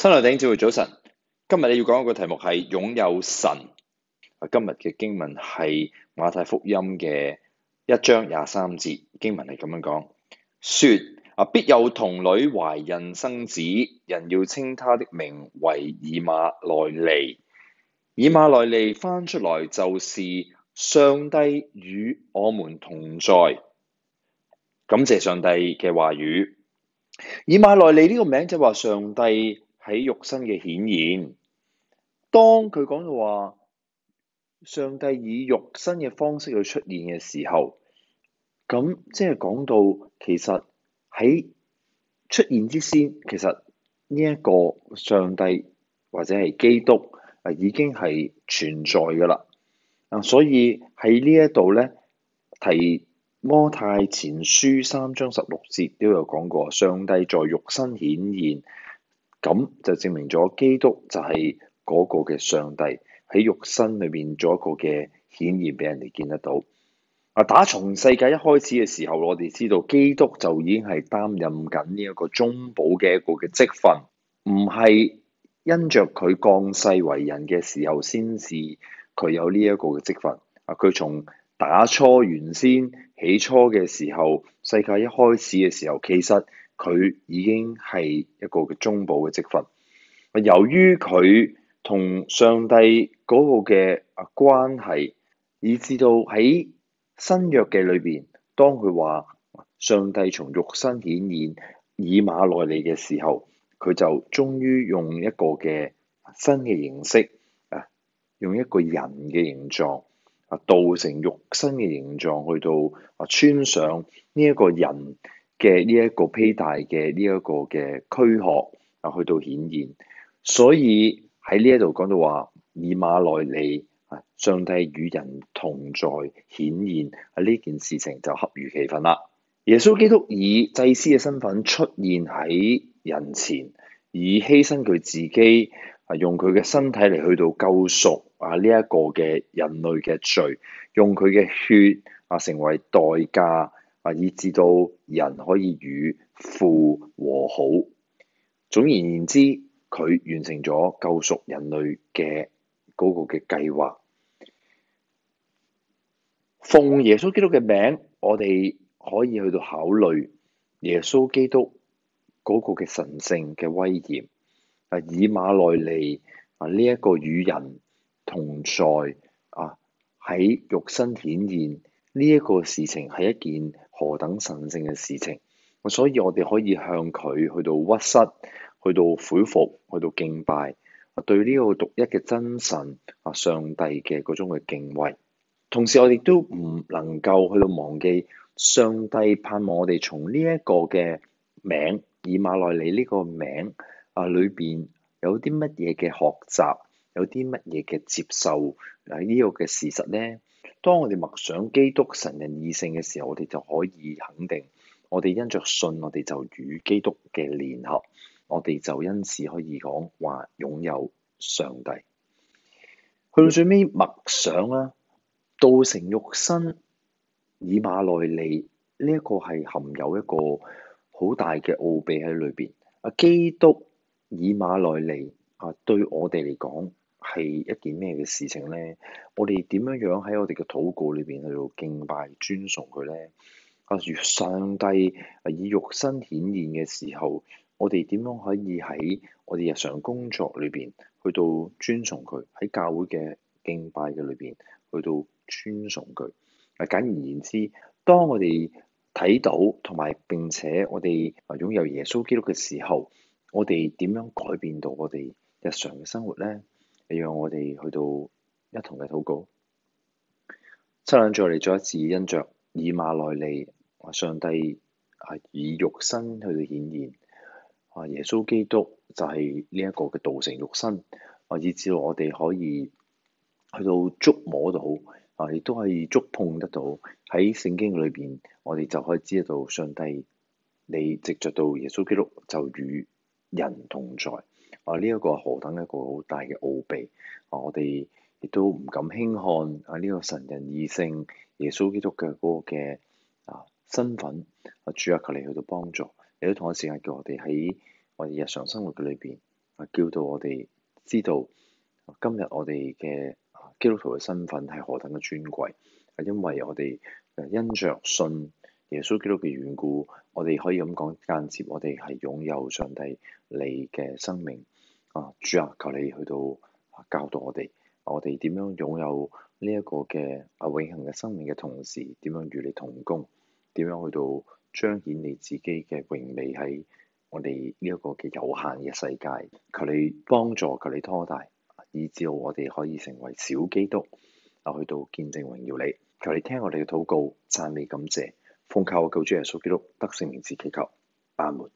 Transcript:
新來頂教會早晨，今日你要講一個題目係擁有神。今日嘅經文係馬太福音嘅一章廿三節，經文係咁樣講：說啊必有童女懷孕生子，人要稱他的名為以馬內利。以馬內利翻出來就是上帝與我們同在。感謝上帝嘅話語。以馬內利呢個名就話上帝，喺肉身嘅顯現，當佢講到話上帝以肉身嘅方式去出現嘅時候，咁即係講到其實喺出現之先，其實呢一個上帝或者係基督啊已經係存在㗎喇。啊，所以喺呢一度咧，提摩太前書三章十六節都有講過，上帝在肉身顯現。咁就證明咗基督就係嗰個嘅上帝喺肉身裏面做一個嘅顯現，俾人哋見得到。啊，打從世界一開始嘅時候，我哋知道基督就已經係擔任緊呢一個中保嘅一個嘅職份，唔係因着佢降世為人嘅時候先至佢有呢一個嘅職份。啊，佢從打初原先起初嘅時候，世界一開始嘅時候，其實。佢已經係一個嘅中保嘅職份。由於佢同上帝嗰個嘅啊關係，以至到喺新約嘅裏邊，當佢話上帝從肉身顯現以馬內利嘅時候，佢就終於用一個嘅新嘅形式啊，用一個人嘅形狀啊，道成肉身嘅形狀去到啊穿上呢一個人，嘅呢一個佩戴嘅呢一個嘅軀殼啊，去到顯現，所以喺呢一度講到話以馬內利啊，上帝與人同在顯現啊，呢件事情就恰如其分啦。耶穌基督以祭司嘅身份出現喺人前，以犧牲佢自己啊，用佢嘅身體嚟去到救贖啊呢一個嘅人類嘅罪，用佢嘅血啊成為代價。啊！以至到人可以與父和好。總而言之，佢完成咗救贖人類嘅嗰個嘅計劃。奉耶穌基督嘅名，我哋可以去到考慮耶穌基督嗰個嘅神聖嘅威嚴。啊，以馬內利啊！呢一個與人同在啊，喺肉身顯現呢一個事情係一件。何等神聖嘅事情，所以我哋可以向佢去到屈膝，去到悔服，去到敬拜，對呢個獨一嘅真神啊，上帝嘅嗰種嘅敬畏。同時我哋都唔能夠去到忘記上帝盼望我哋從呢一個嘅名以馬內利呢個名啊裏邊有啲乜嘢嘅學習，有啲乜嘢嘅接受啊呢個嘅事實咧？當我哋默想基督神人二性嘅時候，我哋就可以肯定，我哋因着信，我哋就與基督嘅聯合，我哋就因此可以講話擁有上帝。去到最尾默想啦，道成肉身，以馬內利呢一，這個係含有一個好大嘅奧秘喺裏邊。阿基督以馬內利啊，對我哋嚟講。係一件咩嘅事情呢？我哋點樣樣喺我哋嘅禱告裏邊去到敬拜尊崇佢呢？啊，如上帝以肉身顯現嘅時候，我哋點樣可以喺我哋日常工作裏邊去到尊崇佢？喺教會嘅敬拜嘅裏邊去到尊崇佢？啊，簡而言之，當我哋睇到同埋並且我哋擁有耶穌基督嘅時候，我哋點樣改變到我哋日常嘅生活呢？你讓我哋去到一同嘅禱告，七兩再嚟做一次恩賜。以馬內利，啊，上帝係以肉身去到顯現。啊，耶穌基督就係呢一個嘅道成肉身，啊以至我哋可以去到觸摸到，啊亦都係觸碰得到。喺聖經裏邊，我哋就可以知道上帝你藉著到耶穌基督就與人同在。啊！呢、這、一個何等一個好大嘅奧秘啊！我哋亦都唔敢輕看啊！呢、這個神人二性耶穌基督嘅嗰個嘅啊身份，啊主阿，求你去到幫助，亦都同一時間叫我哋喺我哋日常生活嘅裏邊啊，叫到我哋知道、啊、今日我哋嘅、啊、基督徒嘅身份係何等嘅尊貴，係、啊、因為我哋因着信。耶穌基督嘅緣故，我哋可以咁講間接，我哋係擁有上帝你嘅生命。啊，主啊，求你去到教導我哋，我哋點樣擁有呢一個嘅啊永恆嘅生命嘅同時，點樣與你同工，點樣去到彰顯你自己嘅榮美喺我哋呢一個嘅有限嘅世界。求你幫助，求你拖帶，以至我哋可以成為小基督啊，去到見證榮耀你。求你聽我哋嘅禱告，讚美感謝。奉靠我救主耶穌基督，得勝名字祈求，阿門。